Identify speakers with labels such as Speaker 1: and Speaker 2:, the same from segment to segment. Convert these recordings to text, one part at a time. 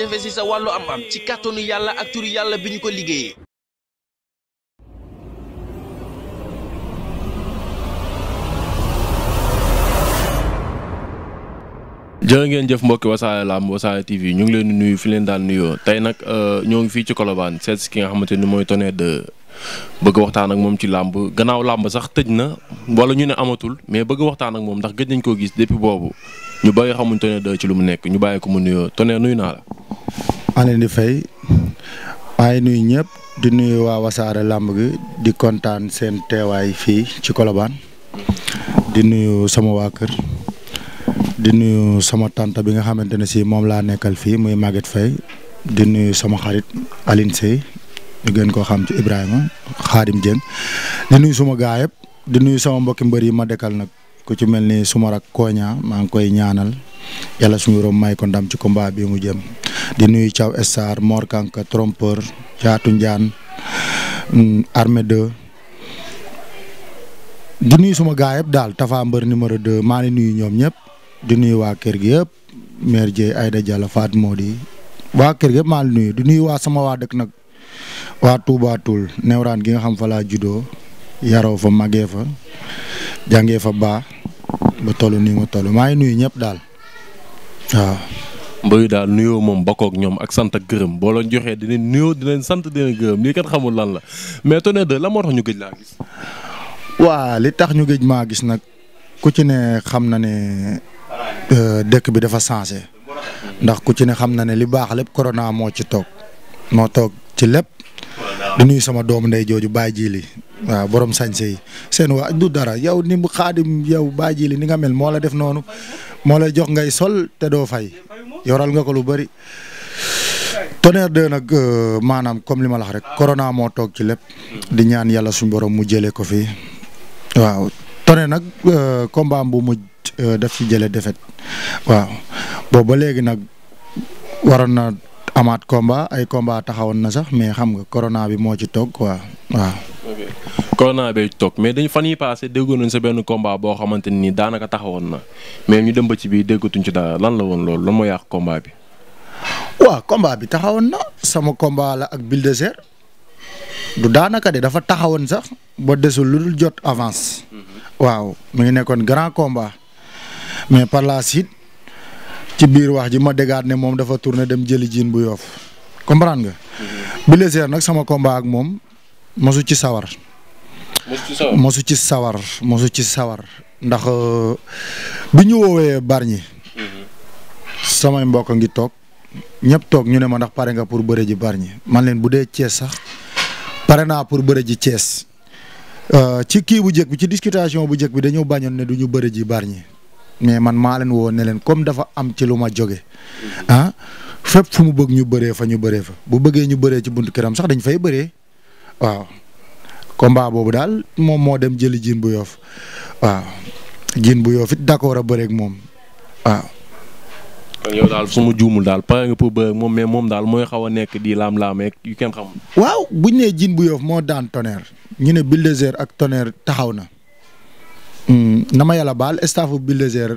Speaker 1: jafe-jafe sa wàllu am-am ci kàttanu yàlla ak turu yàlla bi ñu ko liggéeyee.
Speaker 2: jërë ngeen jëf mbokki wasaare lamb wasaare TV ñu ngi leen di nuyu fi leen daan nuyoo tey nag euh, ñoo ngi fii ci kolobaan seet ki nga xamante ni mooy Tonnerre 2 bëgg waxtaan ak moom ci làmb gannaaw làmb sax tëj na wala ñu ne amatul mais bëgg waxtaan ak moom ndax gëj nañ koo gis depuis boobu ñu bëri xamuñ Tonnerre 2 ci lu mu nekk ñu bàyyi ko mu nuyoo tone nuyu naa la.
Speaker 3: maa di fay maa nuyu ñëpp di nuyu waa wasaare làmb gi di kontaan seen teewaay fii ci kolobaan di nuyu sama waa kër di nuyu sama tante bi nga xamante ne si moom laa nekkal fii muy Maguette Faye di nuyu sama xarit Aline ñu gën koo xam ci Ibrahima Khadim Dieng di nuyu suma gaa yëpp di nuyu sama mbokki mbër yi ma dekkal nag ku ci mel ni suma rak koña maa ngi koy ñaanal yàlla suñu borom may ko ndam ci combat bi mu jëm di nuyu Thiaw Star Mor Kanka trompeur Caatu Njaan mm, armée 2 di nuyu suma gaa yëpp daal Tafa Mbër numéro 2 maa ngi nuyu ñoom ñëpp di nuyu waa kër gi yëpp mère Dieye Aïda Diallo Fatou Mody waa kër gi yëpp maa ngi nuyu di nuyu waa sama waa dëkk nag waa Touba Newraan gi nga xam fa laa juddoo yaroo fa màggee fa jàngee fa baa ba toll nii ma toll maa ngi nuyu ñëpp daal
Speaker 2: waaw. mbëri daal nuyoo moom bakkoog ñoom ak sant ak gërëm boo leen joxee dinañ nuyoo dinañ sant dinañ gërëm lii kat xamul lan la mais Tonnerre 2 la moo tax ñu gëj laa gis.
Speaker 3: waa li tax ñu gëj maa gis nag ku ci ne xam na ne euh, dëkk bi dafa changé ndax ku ci ne xam na ne li baax lépp corona moo ci toog moo toog ci lépp di nuyu sama doomu ndey jooju bàyyi ji li waaw borom sañse yi seen waa du dara yow ni mu xaadim yow baaji li ni nga mel moo la def noonu moo la jox ngay sol te doo fay yoral nga ko lu bari Tonnerre 2 nag euh, maanaam comme li ma la rek corona moo toog ci lépp. di ñaan yàlla suñ borom mu jëlee ko fii waaw Tonnerre nag euh, combat bu mujj euh, daf ci jële defet waaw boobu ba léegi nag waroon na amaat combat ay comba taxawoon na sax mais xam nga corona bi moo ci toog quoi waaw.
Speaker 2: bi corona bee toog mais dañu fan yii passé déggoon sa benn komba boo xamante ni daanaka taxawoon na mais ñu dem ba ci biir déggatuñ ci dara lan la woon loolu lan moo yàq combat bi.
Speaker 3: waaw combat bi taxawoon na sama combat la ak Bulldozer du daanaka de dafa taxawoon sax ba desul lu jot avance. Mm-hmm. waaw mu ngi nekkoon grand combat mais par la ci biir wax ji ma déggaat ne moom dafa tourné dem jëli jiin bu yoof comprendre nga. Mm-hmm. Bulldozer nag sama combat ak moom mosu ci sawar. mosu ci sawar mosu ci sawar ndax euh, bi ñu woowee Bargny. Mhm. samay mbokk ngi toog ñëpp toog ñu ne ma ndax pare nga pour bëre ji Bargny man leen bu dee Thiès sax pare naa pour bëre ji Thiès euh, ci kii bu njëkk bi ci discutation bu njëkk bi dañoo bañoon ne du ñu bëre ji Bargny mais man maa leen woo ne leen comme dafa am ci lu ma jóge mhm. ah fépp fu mu bëgg ñu bëree fa ñu bëree fa bu bëggee ñu bëree ci buntu këram sax dañ fay bëree. waaw combat boobu daal moom moo dem jëli jiin bu yoof waaw jiin bu yoof it d'accord a bëreeg moom
Speaker 2: waaw. kon yow daal su ma juumul daal pare nga pour bëreeg moom mais moom daal mooy xaw a nekk di laam-laamee yu kenn xamul.
Speaker 3: waaw buñ nee jiin bu yoof moo daan tonnerre ñu ne Bulldozer ak tonnerre taxaw na. Hmm, na ma yàlla baal staffu Bulldozer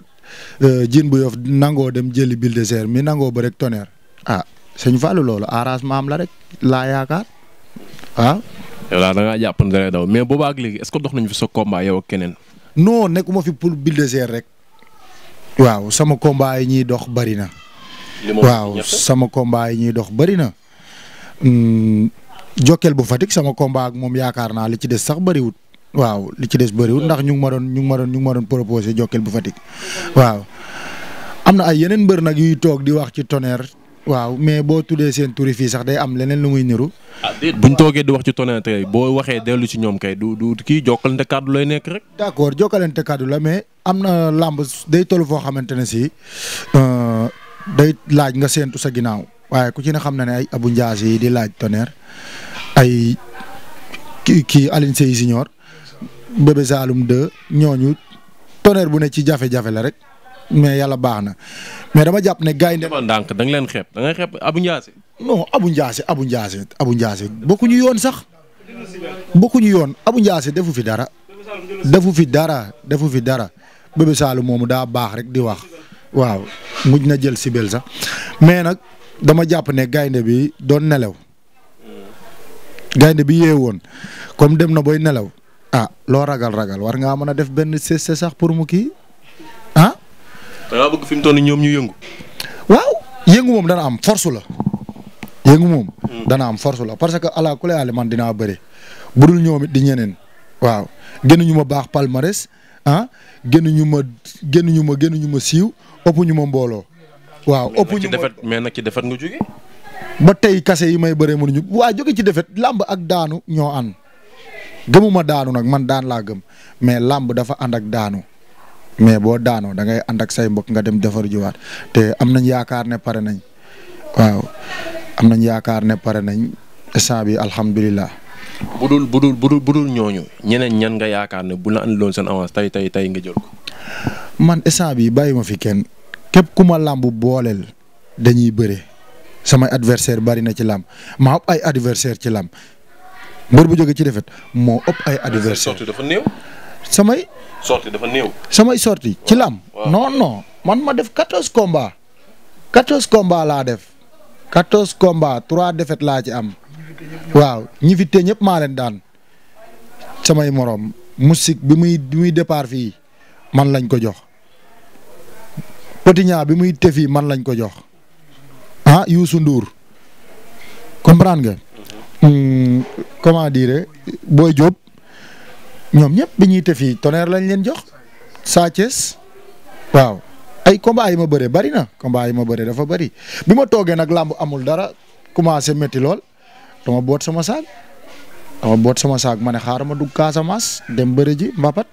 Speaker 3: euh, jiin bu yoof nangoo dem jëli Bulldozer mi nangoo ba rek ah sëñ Fallou loolu arrangement am la rek laa yaakaar.
Speaker 2: ah. yow daal da ngaa ne daw mais boobaa ak léegi est que dox nañu fi sa combat yow ak keneen.
Speaker 3: nekk nekkuma fi pour bulldozer rek. waaw sama combat yi ñuy dox bari na. waaw sama combat yi ñuy dox bari na. Hmm, Jokkel bu fatik sama combat ak moom yaakaar naa li ci des sax bariwut waaw li ci des bëriwut ndax ñu ngi ma doon ñu ngi ñu ma doon proposé Jokkel bu fatik waaw am na ay yeneen mbër nag yuy toog di wax ci Tonnerre waaw mais boo tuddee seen turi fii sax day am leneen lu muy niru.
Speaker 2: ah déet buñ toogee di wax ci Tonnerre tey boo waxee dellu ci ñoom kay du du ki jokkalante kàddu lay nekk rek.
Speaker 3: d' accord jokkalante la mais am na làmb day toll foo xamante ne si euh, day laaj nga séentu sa ginnaaw waaye ku ci ne xam na ne ay abu Ndiass yi di laaj Tonnerre ay kii kii Alioune Sèye Junior Bébé Saloum 2 ñooñu Tonnerre bu ne ci jafe-jafe la rek. mais yàlla baax na mais dama jàpp ne gars yi. demal
Speaker 2: leen xeeb da ngay Abu
Speaker 3: Ndiassé. Abu Ndiassé Abu Ndiassé Abu Ndiassé bokkuñu yoon sax bokkuñu yoon Abu Ndiassé defu fi dara. defu fi dara defu fi dara Bébé Saloum moomu daa baax rek di wax waaw mujj na jël sibel sax mais nag dama jàpp ne gaynde bi doon nelaw gaynde bi yee woon comme dem na booy nelaw ah loo ragal ragal war ngaa mën a def benn cesse sax pour mu kii.
Speaker 2: dangaa fi mu toll ñoom ñu yëngu.
Speaker 3: waaw yëngu moom dana am force la yëngu hmm. dana am force la parce que allah kulli aali man dinaa bëri budul ñoom it di ñeneen waaw génnuñu ma baax palmarès ah génnuñu ma génnuñu ma génnuñu ma siiw ëppuñu ma mbooloo. waaw ëppuñu
Speaker 2: ma mais nag ci defet nga jóge
Speaker 3: ba tey kase yi may bëree mënuñu waa jóge ci defet làmb ak daanu ñoo ànd gëmuma daanu nag man daan laa gëm mais làmb dafa ànd ak daanu. mais boo daanoo da ngay ànd ak say mbokk nga dem defar jiwaat te am nañ yaakaar ne pare nañ waaw am nañ yaakaar ne pare nañ instant bi alhamdulilah.
Speaker 2: bu dul bu dul bu ñooñu ñeneen ñan nga yaakaar ne bu la andiloon seen avance tey tey tey nga jël ko.
Speaker 3: man instant bi bàyyi ma fi kenn képp ku ma làmb booleel dañuy bëre samay adversaire bari na ci làmb maa ëpp ay adversaire ci làmb mbër bu jóge ci defet moo ëpp ay adversaire dafa néew. samay.
Speaker 2: sorti dafa néew.
Speaker 3: ci lam non man ma def quatorze combats quatorze combats laa def quatorze combats trois défaites laa ci am. waaw ñi fi te maa leen daan samay morom musique bi muy bi départ fii man lañ ko jox. Potignan bi muy tëfi man lañ ko jox ah Youssou Ndour comprendre nga. Mhm. Hmm, comment dire Boy ñoom ñëpp bi ñuy tëfi tonnerre lañ leen jox. Sa waaw ay combat yi ma bëree bari na combat yi ma bëree dafa bari bi ma toogee nag lamb amul dara commencé métti lool dama boot sama saag dama boot sama saag ma ne xaaral ma dugg Casamance dem bëri ji Mbapat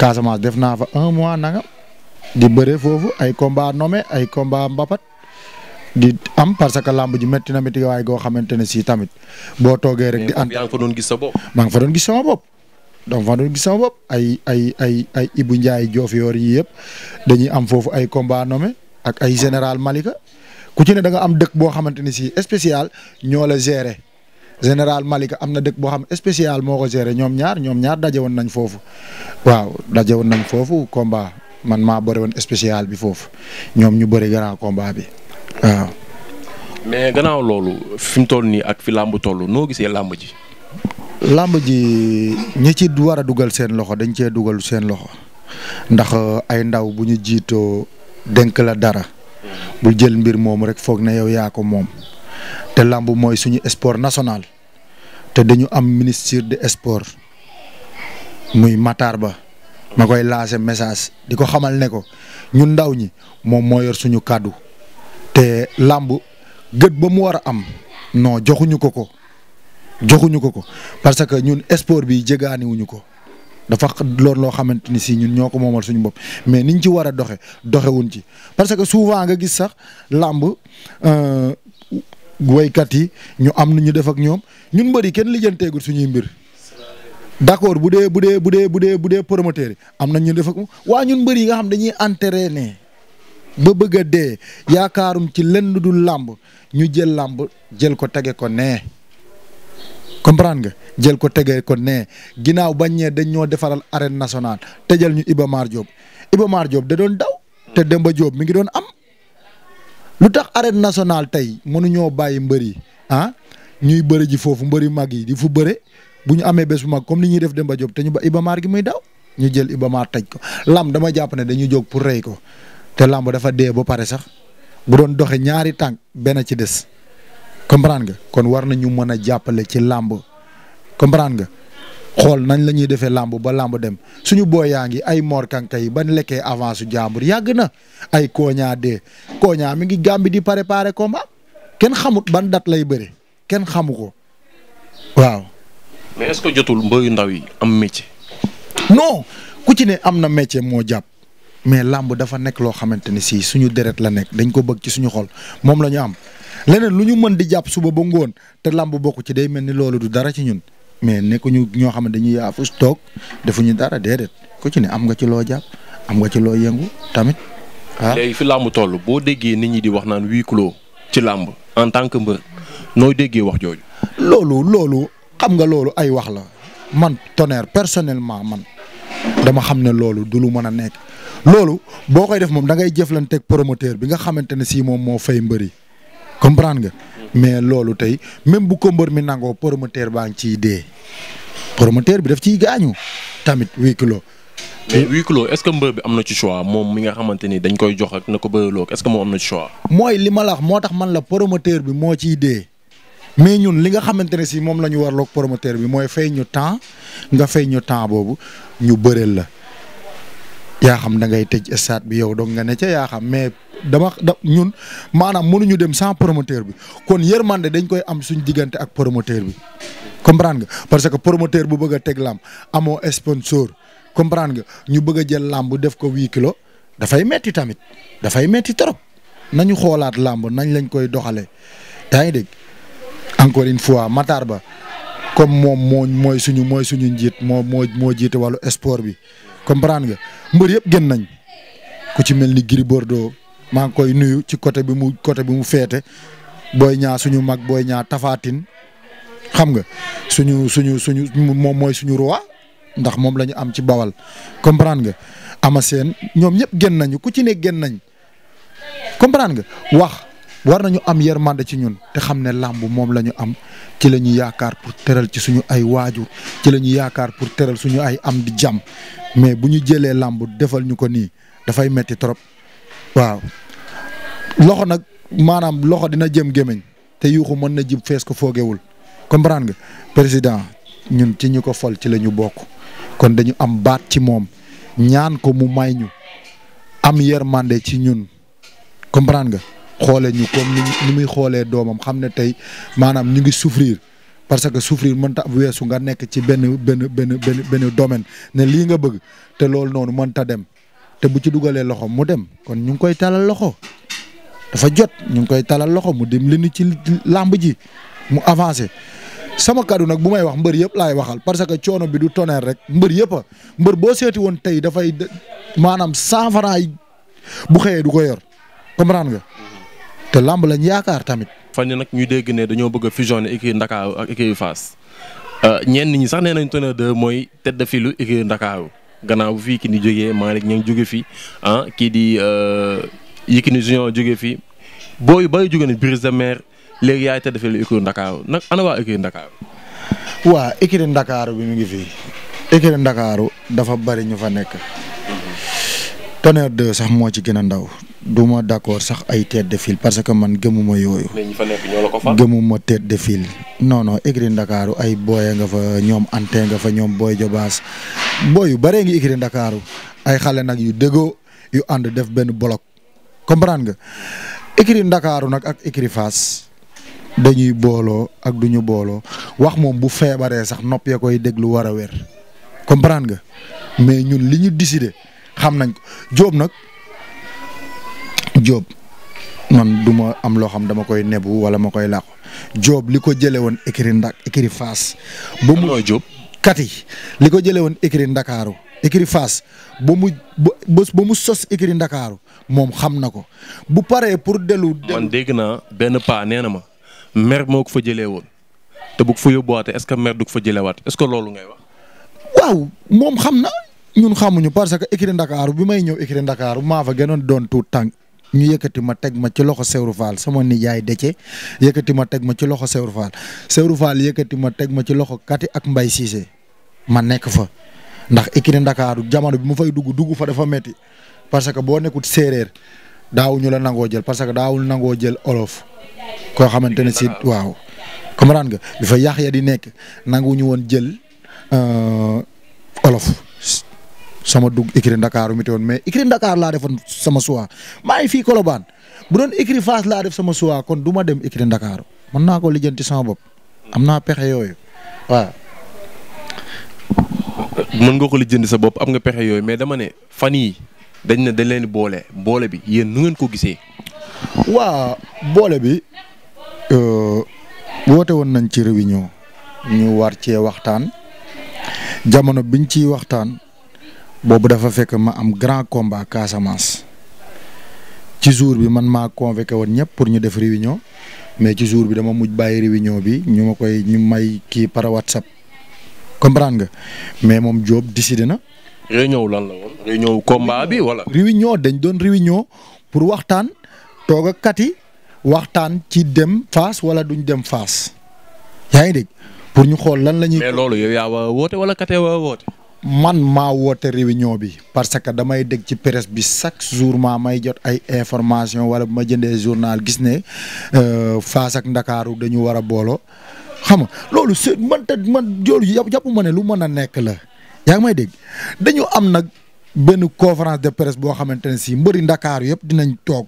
Speaker 3: Casamance def naa fa un mois nangam di bëree foofu ay combat nommé ay combat Mbapat. di am parce que làmb ji métti na métti goo xamante ne si tamit boo toogee rek. di ànd yaa doon gis maa ngi fa doon gis donc fa doon gis sama ay ay ay ay Ibou Ndiaye joof yoor yi yëpp dañuy am foofu ay combat nome ak ay général Malika ku ci da nga am dëkk boo xamante ne si spécial ñoo la gérer général Malika am na dëkk boo xam spécial moo ko gérer ñoom ñaar ñoom ñaar daje woon nañ foofu waaw daje woon nañ foofu combat man maa bëri woon spécial bi foofu ñoom ñu bëri grand komba bi. waaw.
Speaker 2: mais gannaaw loolu fi mu toll nii ak fi làmb toll noo gisee làmb ji.
Speaker 3: làmb ji ñi ci war a dugal seen loxo dañ cee dugalu seen loxo ndax euh, ay ndaw bu ñu jiitoo dénk la dara. bu jël mbir moomu rek foog na yow yaa ko moom. te làmb mooy suñu sport national te dañu am ministre de sport muy Matar Ba ma koy lancé message di ko xamal ne ko ñun ndaw ñi moom moo yor suñu kàddu te làmb gët ba mu war a am non joxuñu ko ko joxuñu ko ko parce que ñun sport bi jégaaniwuñu ko dafa loolu loo xamante ni si ñun ñoo ko moomal suñu bopp mais niñ ci war a doxe doxewuñ ci parce que souvent nga gis sax làmb euh, waykat yi ñu am nu ñu def ak ñoom ñun mbëri kenn lijjanteegul suñuy mbir d'accord bu dee bu dee bu dee bu dee bu dee promoteur yi am na ñu def ak waa ñun mbëri yi nga xam dañuy ne ba bëgg a dee yaakaarum ci lenn dul làmb ñu jël làmb jël ko tege ko nee comprendre nga jël ko tege ko nee ginnaaw bañ ñee dañ ñoo defaral arène nationale tëjal ñu Iba joob Diop Iba da doon daw te Demba Diop mi ngi doon am lu tax arène national tey mënuñoo bàyyi mbër yi ah ñuy bëri ji foofu mbëri mag yi di fu bëre bu ñu amee bés bu mag comme li ñuy def Demba Diop te ñu ba gi muy daw ñu jël Iba Mar ko lam dama jàpp ne dañu jóg pour rey ko te làmb dafa dee ba pare sax bu doon doxe ñaari tànk benn ci des comprendre nga kon war nañu mën a jàppale ci làmb comprendre nga xool nañ la ñuy defee làmb ba làmb dem suñu yaa ngi ay moor Kanka yi ba lekkee avance su jàmbur yàgg na ay Koña de Koña mi ngi gàmbi di pare combat kenn xamut ban dat lay bëre kenn xamu ko waaw.
Speaker 2: mais est-ce que jotul mbëyu ndaw yi am métier.
Speaker 3: non ku ci ne am na métier moo jàpp. mais làmb dafa nekk loo xamante ni si suñu deret la nekk dañ ko bëgg ci suñu xol moom la ñu am leneen lu ñu mën di jàpp suba ba ngoon te làmb bokk ci day mel ni loolu du dara ci ñun mais nekkuñu ñoo xam ne dañuy yaafus toog defuñu dara déedéet ku ci ne am nga ci loo jàpp am nga ci loo yëngu tamit.
Speaker 2: ah fi làmb toll boo déggee nit ñi di wax naan huis clos ci làmb en tant que mbër nooy déggee wax jooju.
Speaker 3: loolu loolu xam nga loolu ay wax la man tonnerre personnellement man dama xam ne loolu du mën a nekk. loolu boo koy def moom da ngay jëflanteeg promoteur bi nga xamante ne sii moom moo fay mbëri comprendre nga. mais loolu tey même bu ko mbër mi nangoo promoteur baa ngi ciy dee. promoteur bi daf ciy gaañu tamit huis clos. mais
Speaker 2: huis clos est-ce que mbër bi am na ci choix moom mi nga xamante ni dañ koy jox ak na ko bëreloo est-ce que moom am na ci choix.
Speaker 3: mooy li ma la moo tax man la promoteur bi moo ciy dee. mais ñun li nga xamante ne si moom la ñu warloog promoteur bi mooy fay ñu temps nga fay ñu temps boobu ñu bëreel la. yaa xam da ngay tëj stade bi yow donc nga ne ca yaa xam mais dama da ñun maanaam mënuñu dem sans promoteur bi kon yërmande dañ koy am suñ diggante ak promoteur bi comprendre nga parce que promoteur bu bëgg a teg làmb amoo sponsor comprendre nga ñu bëgg a jël làmb def ko huit kilo dafay metti tamit dafay metti trop nañu xoolaat làmb nañ lañ koy doxalee yaa ngi dégg encore une fois Matar Ba comme moom moo mooy suñu mooy suñu njiit moo moo moo jiite walu sport bi comprendre nga mbër yëpp génn nañ ku ci mel ni Gris Bordeaux maa ngi koy nuyu ci côté bi mu côté bi mu féete booy ñaa suñu mag booy ñaa tafaatin xam nga suñu suñu suñu moom mooy suñu roi ndax moom la ñu am ci bawal comprendre nga ama seen ñoom ñëpp génn nañu ku ci ne génn nañ comprendre nga wax. war nañu am yërmande ci ñun te xam ne làmb moom la ñu am ci la ñu yaakaar pour teral ci suñu ay waajur ci la ñu yaakaar pour teral suñu ay am di jàmm mais bu ñu jëlee làmb defal ñu ko nii dafay metti trop waaw loxo nag maanaam loxo dina jëm gémmiñ te yuuxu mën na jib fees ko foogewul comprendre nga président ñun ci ñu ko fol ci la ñu bokk kon dañu am baat ci moom ñaan ko mu may ñu am yërmande ci ñun comprendre nga xoole ñu comme nu muy xoolee doomam xam ne tey maanaam ñu ngi souffrir parce que souffrir mënta ab weesu nga nekk ci benn benn benn benn benn domaine ne lii nga bëgg te loolu noonu mënta dem te bu ci dugalee loxo mu dem kon ñu ngi koy talal loxo dafa jot ñu ngi koy talal loxo mu dem li ci làmb ji mu avancer sama kaddu nag bu may wax mbër yëpp laay waxal parce que coono bi du tonnerre rek mbër yëpp mbër boo seeti woon tey dafay maanaam cent yi bu xëyee du ko yor comprendre nga. te làmb lañ yaakaar tamit.
Speaker 2: fan yi nag ñu dégg ne dañoo bëgg a fusionner écurie Ndakaaru ak écurie Fass euh, ñenn ñi sax nee nañ Tonnerre 2 mooy tête de file écurie Ndakaaru gannaaw fii ki ni jógee Malick Niang jóge fi ah kii di euh, Yékini Junior jóge fi booy bay jóge ne Brise de Mer léegi yaay tête de file écurie Ndakaaru nag ana waa Ndakaaru.
Speaker 3: waa écurie Ndakaaru bi mu ngi fii écurie Ndakaaru dafa bari ñu fa nekk. Tonnerre de sax moo ci gën a ndaw du ma d'accord sax ay tête de parce que man gëmuma yooyu. mais ñi fa
Speaker 2: nekk ñoo
Speaker 3: de file. non non Ndakaaru ay booya nga fa ñoom ante nga fa ñoom booy jobaas booy yu bëree ngi écurie Ndakaaru ay xale nag yu déggoo yu ànd def benn bloc comprendre nga écurie Ndakaaru nag ak écurie Fass dañuy booloo ak duñu booloo wax moom bu feebaree sax nopp ya koy déglu war a wér comprendre nga mais ñun li ñu décider. xam nañ jóob nag jóob man du ma am loo xam dama koy nebu wala ma koy làqu jóob li ko jële woon écurie Ndak écurie Fass. ba mu looy Diop kat ko jëlee woon écurie Ndakaaru écurie Fass ba mu ba mu sos écurie Ndakaaru moom xam na ko bu paree pour dellu.
Speaker 2: man dégg naa benn paa nee na ma mer moo ko fa jëlee woon te bu ko fa yóbbuwaatee est-ce que mer du ko fa jëlewaat est-ce que loolu ngay wax.
Speaker 3: waaw moom xam na ñun xamuñu parce que écurie Ndakaaru bi may ñëw écurie Ndakaaru maa fa gënoon doon tuut tànk ñu yëkkati ma teg ma ci loxo Sewru Fall sama nijaay Dece yëkkati ma teg ma ci loxo Sewru Fall Sewru Fall yëkkati ma teg ma ci loxo Kati ak Mbay Cissé ma nekk fa ndax écurie Ndakaaru jamono bi mu fay dugg dugg fa dafa metti parce que boo nekkut séeréer daawuñu la nangoo jël parce que daawul nangoo jël olof koo xamante ne si waaw comprendre nga bi fa yàq ya di nekk nanguwuñu woon jël euh, olof. sama dugg écurie Ndakaaru mi teewoon mais écurie Ndakaar laa defoon sama choix maa ngi fii Colobane bu doon écurie Fass laa def sama choix kon duma ma dem écurie Ndakaaru mën naa ko lijjanti sama bopp am naa pexe yooyu waaw.
Speaker 2: nga ko lijjanti sa bopp am nga pexe yooyu mais dama ne fan yi dañ ne da leen boole boole bi yéen nu ngeen ko gisee.
Speaker 3: waa boole bi euh, woote woon nañ ci réunion ñu war cee waxtaan jamono biñ ciy waxtaan. boobu dafa fekk ma am grand combat Casamance ci jour bi man maa convoqué woon ñëpp pour ñu def réunion mais ci jour bi dama mujj bàyyi réunion bi ñu ma koy ñu may kii para WhatsApp comprend nga mais moom Diop décidé na.
Speaker 2: réunion lan la woon réunion bi wala.
Speaker 3: réunion dañ doon réunion pour waxtaan toog ak waxtaan ci dem Fass wala duñ dem Fass yaa ngi dégg pour ñu xool lan la ñuy. mais loolu yow
Speaker 2: yaa woote wala katee woote.
Speaker 3: man maa woote réunion bi parce que damay dégg ci presse bi chaque jour maa may jot ay information wala bu ma jëndee journal gis ne euh, Fass ak Ndakaaru dañu war a booloo xam nga loolu c'est man te joolu jàpp ma ne lu mën a nekk la yaa ngi may dégg dañu am nag benn conférence de presse boo xamante ne si mbëri Ndakaaru yëpp dinañ toog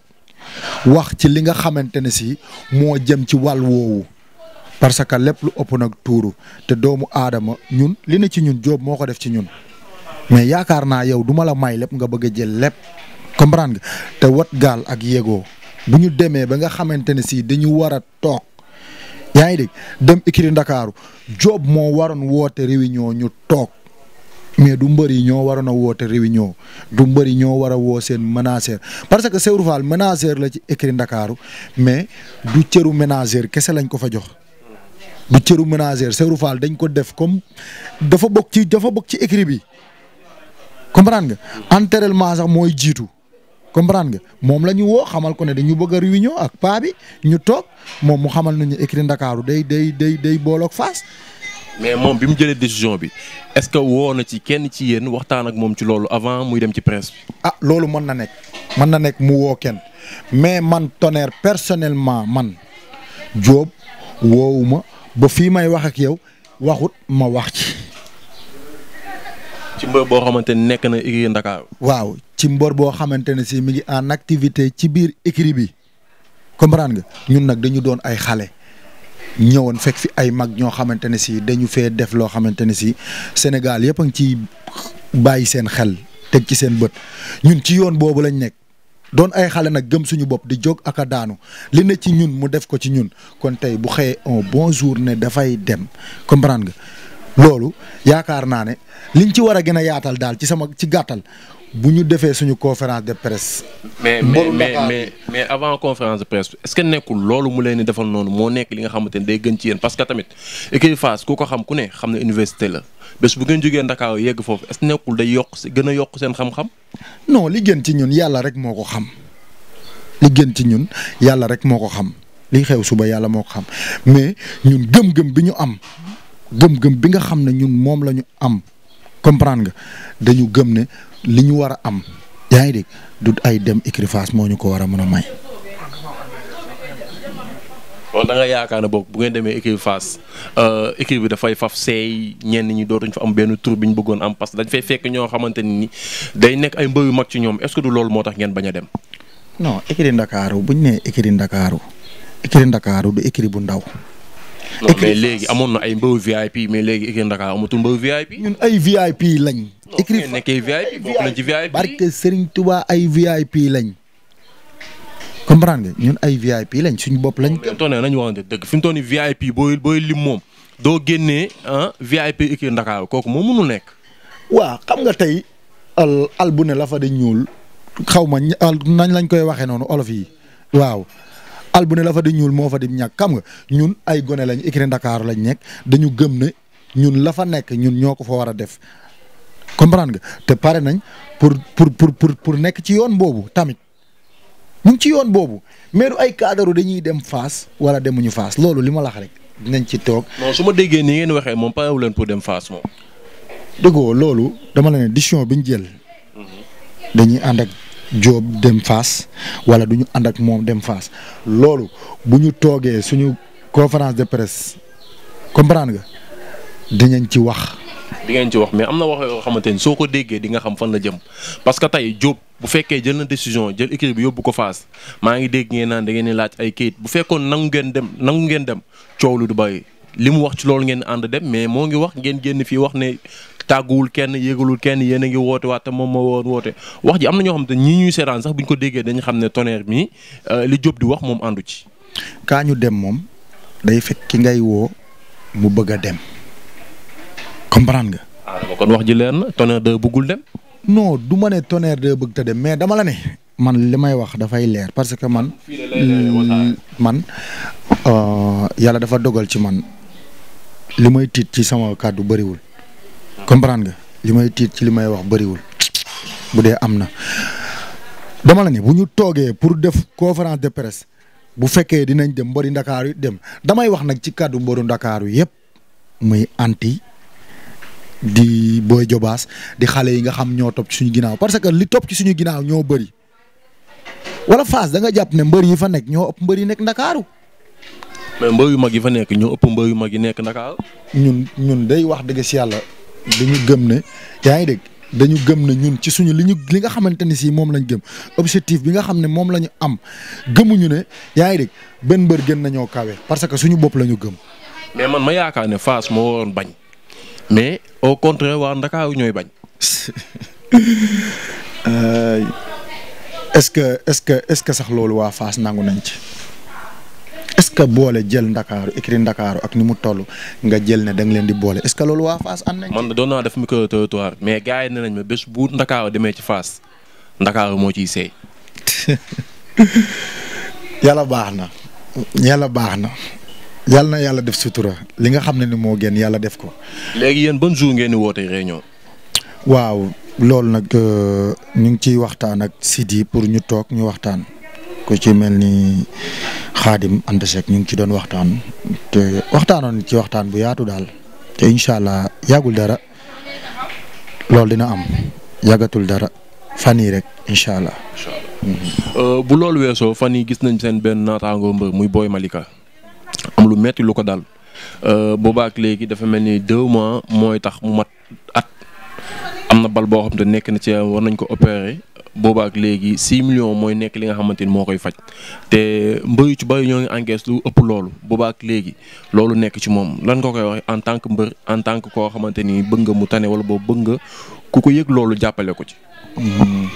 Speaker 3: wax ci li nga xamante ne si moo jëm ci wàll woowu parce que lépp lu ëpp nag tuuru te doomu aadama ñun li na ci ñun Jóob moo ko def ci ñun mais yaakaar naa yow du ma la may lépp nga bëgg a jël lépp comprendre nga te wat gaal ak yéegoo bu ñu demee ba nga xamante ne si dañu war a toog yaa ngi dégg dem ikiri ndakaaru job moo waroon woote réunion ñu toog mais du mbër ñoo waroon a woote réunion du mbër yi ñoo war a woo seen manager parce que Seydou Fall manager la ci ikiri ndakaaru mais du cëru manager kese lañ ko fa jox. du cëru ménagère Serou Fall dañ ko def comme dafa bokk ci dafa bokk ci écrit bi comprendre nga enterrement sax mooy jiitu comprendre nga moom la ñu woo xamal ko ne dañu bëgg a réunion ak paa bi ñu toog moom mu xamal nañu écrit Ndakaaru day day day day booloog Fass
Speaker 2: mais moom bi mu jëlee décision bi est-ce que woo na ci kenn ci yéen waxtaan ak moom ci loolu avant muy dem ci prince bi.
Speaker 3: ah loolu mën na nekk mën na nekk mu woo kenn mais man tonnerre personnellement man Diop woowuma ba fii may wax ak yow waxut ma wax ci.
Speaker 2: ci mbër boo xamante ne nekk na écurie
Speaker 3: waaw ci mbër boo xamante ne si mi ngi en activité ci biir écurie bi comprendre ñun nag dañu doon ay xale. ñëwoon fekk fi ay mag ñoo xamante ne si dañu fee def loo xamante ne si Sénégal yëpp a ngi ciy bàyyi seen xel teg ci seen bët ñun ci yoon boobu lañ nekk doon ay xale nag gëm suñu bopp di jóg ak daanu li ne ci ñun mu def ko ci ñun kon tey bu xëyee un bon jour ne dafay dem comprendre nga loolu yaakaar naa ne liñ ci war a gën a yaatal daal ci sama ci gàttal bu ñu defee suñu conférence de presse.
Speaker 2: mais mais mais mais avant conférence de presse est-ce que nekkul loolu mu leen defal noonu moo nekk li nga xamante ne day gën ci yéen parce que tamit équipe Fass ku ko xam ku ne xam ne université la. bés bu ngeen jógee Ndakaaru yegg foofu est-ce nekkul day yokk gën a yokk seen xam-xam.
Speaker 3: non li gën ci ñun yàlla rek moo ko xam li ci ñun yàlla rek moo ko xam liy xew suba yàlla moo ko xam mais ñun gëm-gëm bi ñu am gëm bi nga xam ne ñun moom la ñu am comprendre nga dañu gëm ne li ñu war a am yaa ngi dégg du ay dem écrifage moo ñu ko war a mën a may.
Speaker 2: loolu da nga yaakaar ne boog bu ngeen demee équipe fas euh, équipe bi dafay faf seey ñenn ñi dootuñ fa am benn tour bi ñu bëggoon am parce que dañ fay fekk ñoo xamante ni day nekk ay mbër yu mag ci ñoom est-ce que du loolu moo tax ngeen bañ a dem.
Speaker 3: non écurie Ndakaaru bu ñu nee écurie Ndakaaru Ndakaaru du écurie bu ndaw.
Speaker 2: non mais léegi amoon na ay mbëru VIP mais léegi écurie Ndakaaru amatul mbëru VIP.
Speaker 3: ñun ay VIP lañ.
Speaker 2: écurie nekkee VIP bokk nañ ci VIP.
Speaker 3: barke Serigne Touba ay VIP lañ. comprendre nga ñun ay VIP lañ suñu bopp lañ.
Speaker 2: tonné nañu waxante dëgg fi mu toll nii VIP booy booy lim moom doo génnee ah VIP équipe Ndakaaru kooku moom mënul nekk.
Speaker 3: waa xam nga tey albune la fa di ñuul xaw ma nañ lañ koy waxee noonu olof yi waaw. albune bu la fa di ñuul moo fa di ñàkk xam nga ñun ay gone lañ écurie Ndakaaru lañ nekk dañu gëm ne ñun la fa nekk ñun ñoo ko fa war a def comprendre nga te pare nañ pour pour pour pour pour nekk ci yoon boobu tamit ñu ci yoon boobu mais du ay cadre dañuy dem Fass wala demuñu Fass loolu li ma la rek dinañ ci toog.
Speaker 2: non su ma déggee ni ngeen waxee moom parewu leen pour dem Fass
Speaker 3: moom. dëggoo loolu dama la ne décision bi ñu jël. dañuy ànd ak joob dem Fass wala duñu ànd ak moom dem Fass loolu bu ñu toogee suñu conférence de presse comprendre nga dinañ ci wax.
Speaker 2: di ngeen ci wax mais am na wax yoo xamante ni soo ko déggee di nga xam fan la jëm parce que tey Diop. bu fekkee jël na décision jël équipe bi yóbbu ko faas maa ngi dégg ngeen naan da laaj ay kayit bu fekkoon nangu ngeen dem nangu ngeen dem coow lu du bàyyi li mu wax ci loolu ngeen ànd dem mais moo ngi wax ngeen génn fii wax ne tàgguwul kenn yéegalul kenn yéen a ngi woote waat te moom moo woon woote wax ji am na ñoo xam te ñii ñuy seetaan sax bu ñu ko déggee dañu xam ne tonnerre mi euh, li Diop di wax moom àndu ci.
Speaker 3: kaa ñu dem moom day fekk ki ngay woo mu bëgg a dem comprendre
Speaker 2: nga. kon wax ji leer na tonnerre bëggul dem.
Speaker 3: no du ma ne tonnerre de bëgg dem mais dama la ne. man li may wax dafay leer parce que man. man euh, yàlla dafa dogal ci man li may tiit ci sama kàddu bëriwul. comprendre nga li may tiit ci li may wax bariwul bu dee am na dama la ne bu ñu toogee pour def conférence de presse bu fekkee dinañ dem mbëri Ndakaaru yi dem damay wax nag ci kàddu mboru Ndakaaru yëpp muy anti. di booy Jobaas di xale yi nga xam ñoo topp ci suñu ginaaw parce que li topp ci suñu ginnaaw ñoo bari wala Fass da nga jàpp ne mbër yi fa nekk ñoo ëpp mbër yi nekk Ndakaaru.
Speaker 2: mais mbër yu mag yi fa nekk ñoo ëpp mbër yu mag yi nekk Ndakaaru.
Speaker 3: ñun ñun day wax dëgg yàlla dañu gëm ne yaa ngi dañu gëm ne ñun ci suñu li li nga xamante ni si moom lañ gëm objectif bi nga xam ne moom la ñu am gëmuñu ne yaa ngi dégg benn mbër gën nañoo kawe parce que suñu bopp la ñu gëm.
Speaker 2: mais man ma yaakaar ne Fass moo woon bañ mais au contraire waa Ndakaaru ñooy bañ.
Speaker 3: Euh, est-ce que est-ce que est-ce que sax loolu waa Fass nangu nañ ci est-ce que boole jël Ndakaaru écrit Ndakaaru ak ni mu toll nga jël ne da leen di boole est-ce que loolu waa Fass am
Speaker 2: nañ man doon naa def micro-trottoir mais gars yi ne nañ ma bés bu Ndakaaru demee ci Fass Ndakaaru moo ciy seey.
Speaker 3: yàlla baax na yàlla baax na. yàlla na yàlla def sutura li nga xam ne ni moo gën yàlla def ko.
Speaker 2: léegi yéen ban jour ngeen di woote réunion.
Speaker 3: waaw loolu nag euh, ñu ngi ciy waxtaan ak Sidi pour ñu toog ñu waxtaan ko ci mel ni Xaadim Anta Seck ñu ngi ci doon waxtaan te waxtaanoon ci waxtaan bu yaatu daal te incha allah yàggul dara loolu dina am yàggatul dara fan yii rek incha allah.
Speaker 2: Euh, bu loolu weesoo fan yi gis nañ seen benn naataango mbër muy booy Malika. am lu metti lu ko dal euh, boobaak léegi dafa mel ni deux mois mooy tax mu mat at am na bal boo xam te nekk na ci war nañ ko opérer boobaak léegi six million mooy nekk li nga xamante ni moo koy faj te mbër yu ci bëri ñoo ngi encaisse lu ëpp loolu boobaak léegi loolu nekk ci moom lan nga koy waxee en tant que mbër en tant koo xamante ni bëgg nga mu tane wala boobu bëgg nga ku ko yëg loolu jàppale ko ci. Hmm.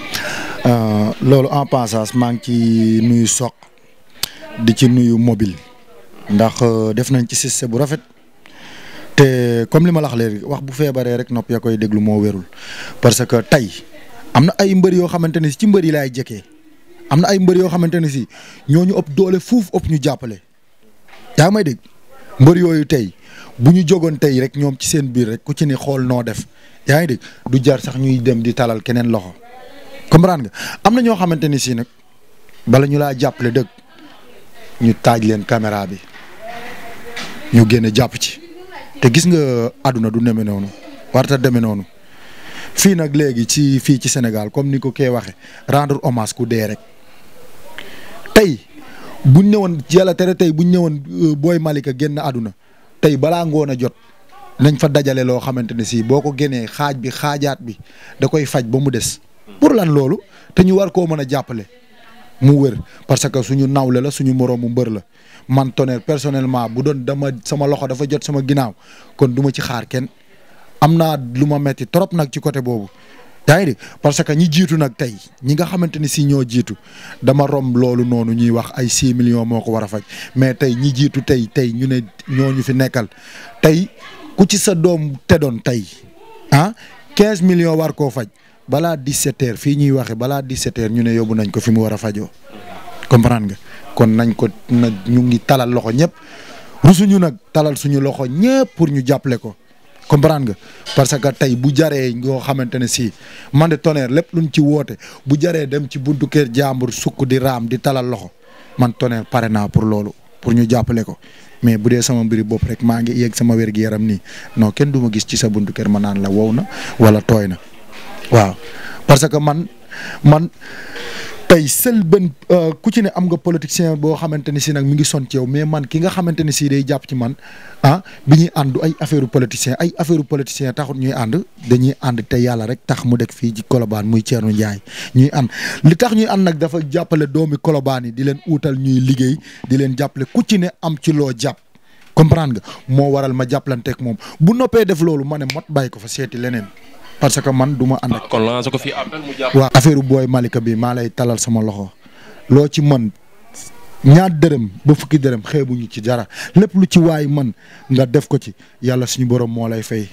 Speaker 3: Euh, loolu en pensance maa ngi ci nuyu soq di ci nuyu mobile. ndax euh, def nañ ci système bu rafet te comme li ma la wax wax bu feebaree rek nopp ya koy déglu moo wérul parce que tey am na ay mbër yoo xamante ne ci mbër yi laay jekkee am na ay mbër yoo xamante ne si ñooñu ëpp doole fuuf ëpp ñu jàppale yaa may dégg mbër yooyu tey bu ñu jogoon tey rek ñoom ci seen biir rek ku ci ni xool noo def yaa ngi dégg du jar sax ñuy dem di talal keneen loxo comprendre nga am na ñoo xamante ni si nag bala ñu laa jàppale dëgg ñu taaj leen kamera bi. ñu génne jàpp ci te gis nga àdduna du demee noonu warta demee noonu fii nag léegi ci fii ci Sénégal comme ni ko kee waxe rendre hommage ku dee rek tey buñ ñëwoon yàlla tere tey buñ ñëwoon euh, booy Malika génn àdduna tey balaa ngoon a jot nañ fa dajale loo xamante ne si boo ko génnee xaaj bi xaajaat bi da koy faj ba mu des pour lan loolu te ñu war koo mën a jàppale mu wër parce que suñu nawle la suñu mu mbër la man Tonnerre personnellement bu doon dama sama loxo dafa jot sama ginnaaw kon du ma ci xaar kenn am naa lu ma metti trop nag ci côté boobu. yaa ngi parce que ñi jiitu nag tey ñi nga xamante ni si ñoo jiitu dama romb loolu noonu ñuy wax ay 6 millions moo ko war a faj mais tey ñi jiitu tey tey ñu ne ñoo ñu fi nekkal tey ku ci sa doom te doon tey ah quinze million war koo faj balaa 17 heures fii ñuy waxe balaa 17 heures ñu ne yóbbu nañ ko fi mu war a fajoo comprendre nga. kon nañ ko na ñu ngi talal loxo ñëpp rusuñu nag talal suñu loxo ñëpp pour ñu jàppale ko comprendre ga parce que tey bu jaree ngoo xamante ne si man de tonnerre lépp luñ ci woote bu jaree dem ci buntu kër jàmbur sukk di raam di talal loxo man tonnerre pare naa pour loolu pour ñu jàppale ko mais bu dee sama mbiri bopp rek maa ngi yegg sama wér yaram nii non kenn du ma gis ci sa buntu kër ma naan la wow na wala tooy na waaw parce que man tey sel benn euh, ku ci ne am nga politicien boo xamante ni si nag mu ngi son ci yow mais man ki nga xamante ni si day jàpp ci man ah bi ñuy ànd ay affaire politicien ay affaire politicien taxut ñuy ànd dañuy ànd te yàlla rek tax mu dëkk fii ci kolobaan muy Thierno Ndiaye ñuy ànd li tax ñuy ànd nag dafa jàppale doomi Colobane yi di leen uutal ñuy liggéey di leen jàppale ku ci ne am ci loo jàpp. comprendre nga moo waral ma jàppalanteeg moom bu noppee def loolu ma ne mot bàyyi ko fa seeti leneen. parce que man duma ma ànd
Speaker 2: ak. ko fii waaw
Speaker 3: affaire booy Malika bi maa lay talal sama loxo loo ci mën ñaar dërëm ba fukki dërëm xeebuñu ci dara lépp lu ci waay man nga def ko ci yàlla suñu borom moo lay fay.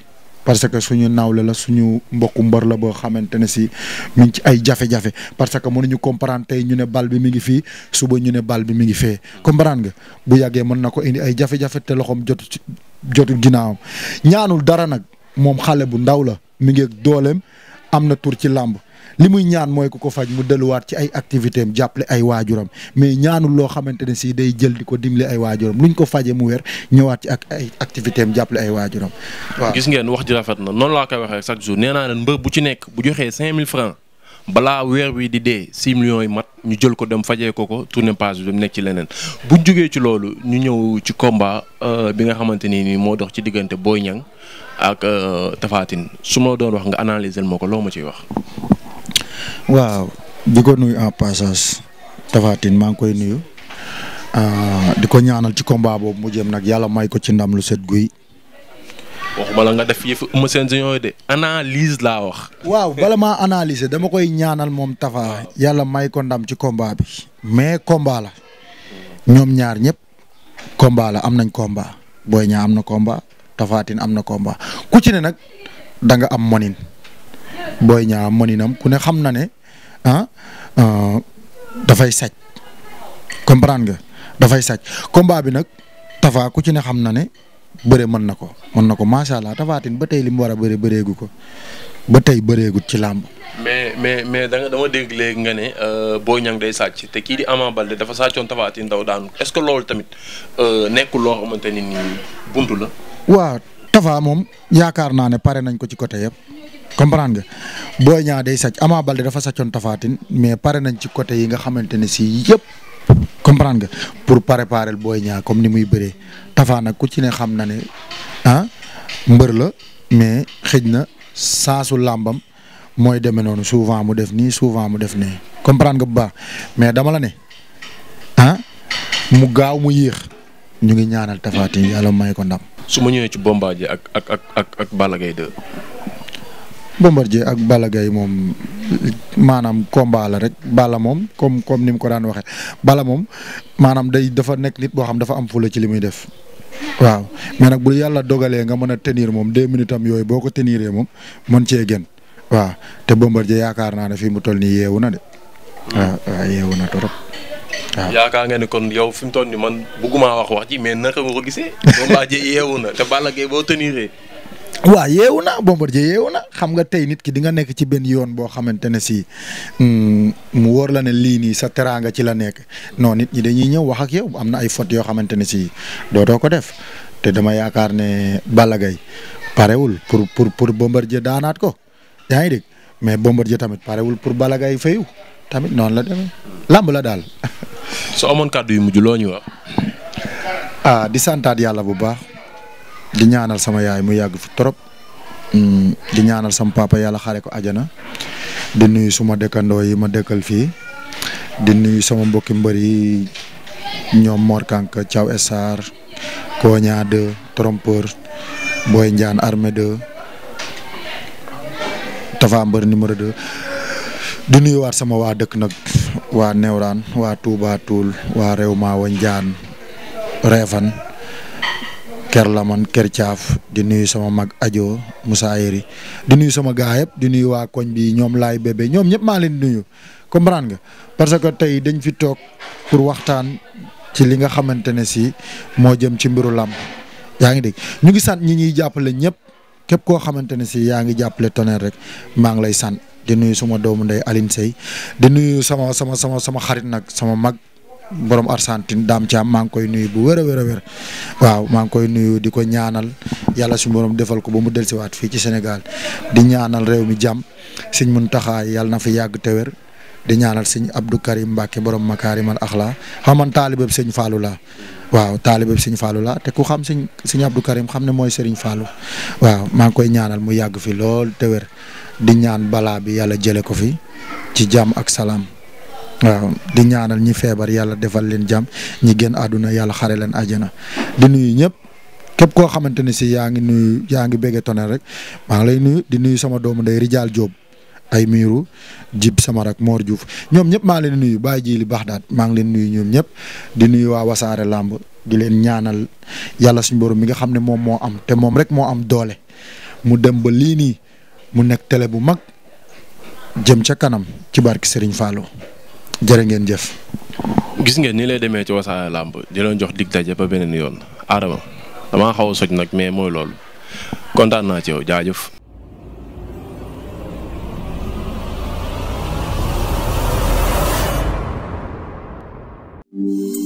Speaker 3: parce que suñu nawle la suñu mbokku mbër la boo xamante ne si mi ngi ci ay jafe-jafe parce que mënuñu comprendre tey ñu ne bal bi mi ngi fii suba ñu ne bal bi mi ngi fee comprendre nga bu yàggee mën na ko indi ay jafe-jafe te loxoom jotu ci jotu ginnaawam ñaanul dara nag moom xale bu ndaw la mu ngi dooleem am na tur ci làmb li muy ñaan mooy ku ko faj mu delluwaat ci ay activité am jàppale ay waajuram mais ñaanul loo xamante ne si day jël di ko dimbali ay waajuram luñ ko fajee mu wér ñëwaat ci ak ay activité am jàppale ay waajuram
Speaker 2: waaw gis ngeen wax ji rafet na noonu laa koy waxee chaque jour nee naa leen mbër bu ci nekk bu joxee 5000 francs balaa weer wi di dee 6 millions yi mat ñu jël ko dem fajee ko ko tourné page bi dem nekk ci leneen bu jógee ci loolu ñu ñëw ci combat euh, bi nga xamante ni nii moo dox ci diggante booy Niang ak euh, Tapha Tine su ma doon wax nga analyser moo ko loo ma ciy wax.
Speaker 3: waaw di ko nuyu en passage Tapha maa ngi koy nuyu euh, di ko ñaanal ci combat boobu mu jëm nag yàlla may ko ci ndam lu set guy.
Speaker 2: waxuma la nga def yëf Eumeu Sène junior de analyse laa wax.
Speaker 3: waaw bala maa analyser dama koy ñaanal moom Tafa. yàlla may ko ndam ci combat bi. mais combat la. ñoom ñaar ñëpp. combat la am nañ combat. Boy Niang am na combat Tapha Tine am na combat ku ci ne nag da nga am monin. Boy Niang moninam ku ne xam na ne ah uh, dafay saj comprendre nga dafay saj combat bi nag Tafa ku ci ne xam na ne. bëre mën na ko mën na ko macha allah Tapha ba tey li mu war a bëre bëreegu ko ba tey bëreegut ci làmb.
Speaker 2: mais mais mais da nga dama dégg léegi nga ne euh, Boy Niang day sàcc te kii di Ama Baldé dafa sàccoon Tapha Tine est-ce que loolu tamit euh, nekkul loo xamante ni nii la.
Speaker 3: waaw Tapha moom yaakaar naa ne pare nañ ko ci côté yëpp. comprendre nga Boy Niang day sàcc Ama Baldé dafa sàccoon Tapha mais pare nañ ci côté yi nga xamante ne si yëpp comprend nga pour préparer booy Niang comme ni muy bëree Tapha nag ku ci ne xam na ne ah mbër la mais xëj na saasu làmbam mooy demee noonu souvent mu def nii souvent mu def nii comprendre nga bu baax mais dama la ne ah mu gaaw mu yéex ñu ngi ñaanal Tapha Tine yàlla may ko ndam.
Speaker 2: su ma ñëwee ci Bombardier ak ak ak ak ak Balla
Speaker 3: Bombardier ak Balla Gaye moom maanaam combat la rek Balla moom comme comme ni mu ko daan waxee bala moom maanaam day dafa nekk nit boo xam dafa am fula ci li muy def waaw mais nag bu yàlla dogalee nga mën a tenir moom deux minutes yooyu boo ko teniree moom mën cee gën waaw te Bombardier yaakaar naa ne fii mu toll nii yeewu na de. waaw waaw yeewu
Speaker 2: yaakaar nga ne kon yow fi mu toll nii man bëgguma wax wax ji na naka nga ko gisee. Bombardier yeewu te Balla Gaye boo teniree. waa yeewu na
Speaker 3: Bombardier yeewu na xam nga tey nit ki di nga nekk ci benn yoon boo xamante ne si mm, mu wóor la ne lii nii sa teraanga ci la nekk noon nit ñi dañuy ñëw wax ak yow am na ay fautes yoo xamante ne si dootoo ko def te dama yaakaar ne Balla Gaye parewul pour pour pour Bombardier daanaat ko yaa ngi dégg mais Bombardier tamit parewul pour Balla Gaye fayu tamit noonu la demee làmb la daal. soo amoon kàddu yu mujj loo ñu wax. Ah, di santaat yàlla bu baax. di ñaanal sama yaay mu yàgg fi trop mm, di ñaanal sama papa yàlla xare ko ajana di nuyu suma dëkkandoo yi ma dëkkal fii di sama mbokki mbër yi ñoom Mor Kanka Thiaw Essar Koña 2 Trompeur Boy Ndiane Armée 2 Tafa Mbër numéro 2 di nuyuwaat sama waa dëkk nag waa Newraan waa Touba Toul waa Réewma wa Ndiane Réfane ker la man ker caaf di nuyu sama mag ajo Moussa Yeri di nuyu sama gaa yëpp di nuyu waa koñ bi ñoom laay bébé ñoom ñëpp maa leen nuyu comprendre nga parce que tey dañ fi toog pour waxtaan ci li nga xamante ne si moo jëm ci mbiru làmb yaa ngi dégg ñu ngi sant ñi ñuy jàppale ñëpp képp koo xamante ne si yaa ngi jàppale Tonnerre rek maa ngi lay sant di nuyu sama doomu ndey alin Sey di nuyu sama xarit nag sama mag. borom Argentine daam Thiam maa ngi koy nuyu bu wér a wér a wér waaw maa ngi koy nuyu di ko ñaanal yàlla si borom defal ko ba mu delsiwaat fii ci senegal di ñaanal réew mi jàmm sëñ taxa yàlla na fi yàgg te di ñaanal sëñ Abdou Karim Mbacke borom makaarimal axlaa xam man taalibeeb sëñ Fallou laa waaw taalibeeb sëñ Fallou laa te ku xam sëñ sëñ Abdou Karim xam ne mooy Serigne Fallou waaw maa ngi koy ñaanal mu yàgg fi lool te di ñaan balaa bi yàlla jëlee ko fi ci jàmm ak salaam. waaw di ñaanal ñi feebar yàlla defal leen jàmm ñi génn àdduna yàlla xare leen àjjana di nuyu ñëpp képp koo xamante ne si yaa ngi nuyu yaa ngi béggee Tonnerre rek maa ngi nuyu di nuyu sama doomu ndey Rijaal Diop ay miiru jib sama rak Mor Diouf ñoom ñëpp maa leen nuyu bàyyi ji li baax daat maa ngi leen nuyu ñoom ñëpp di nuyu waa wasaare làmb di leen ñaanal yàlla suñu borom mi nga xam ne moom moo am te moom rek moo am doole mu dem ba lii nii mu nekk tele bu mag jëm ca kanam ci barki Serigne Fallou jërë ngeen jëf.
Speaker 2: gis ngeen ni lay demee ci wasaare làmb di jox dig daje ba beneen yoon Adama dama xaw a soj nag mais mooy loolu kontaan naa ci yow jaajëf.
Speaker 1: Thank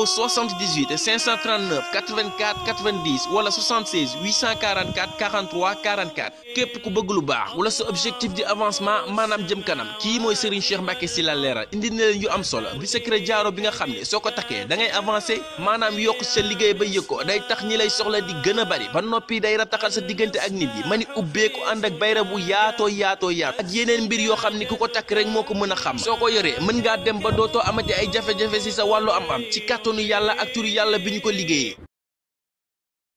Speaker 1: au 78 539 84 90 wala 76 844 43 44 képp ku bëgg lu baax wala sa objectif di avancement maanaam jëm kanam kii mooy Serigne Cheikh Mbacke si la leeral indi na leen yu am solo bi secret jaaro bi nga xam ne soo ko takkee da ngay avancé maanaam yokk sa liggéey ba yëg ko day tax ñi lay soxla di gën a bari ba noppi day rataxal sa diggante ak nit yi ma ni ubbeeku ànd ak bayra bu yaatoo yaatoo yaatoo ak yeneen mbir yoo xam ni ku ko takk rek moo ko mën a xam soo ko yoree mën ngaa dem ba dootoo amati ay jafe si sa wàllu am-am ci kàttanu yàlla ak yàlla bi ñu ko liggéeyee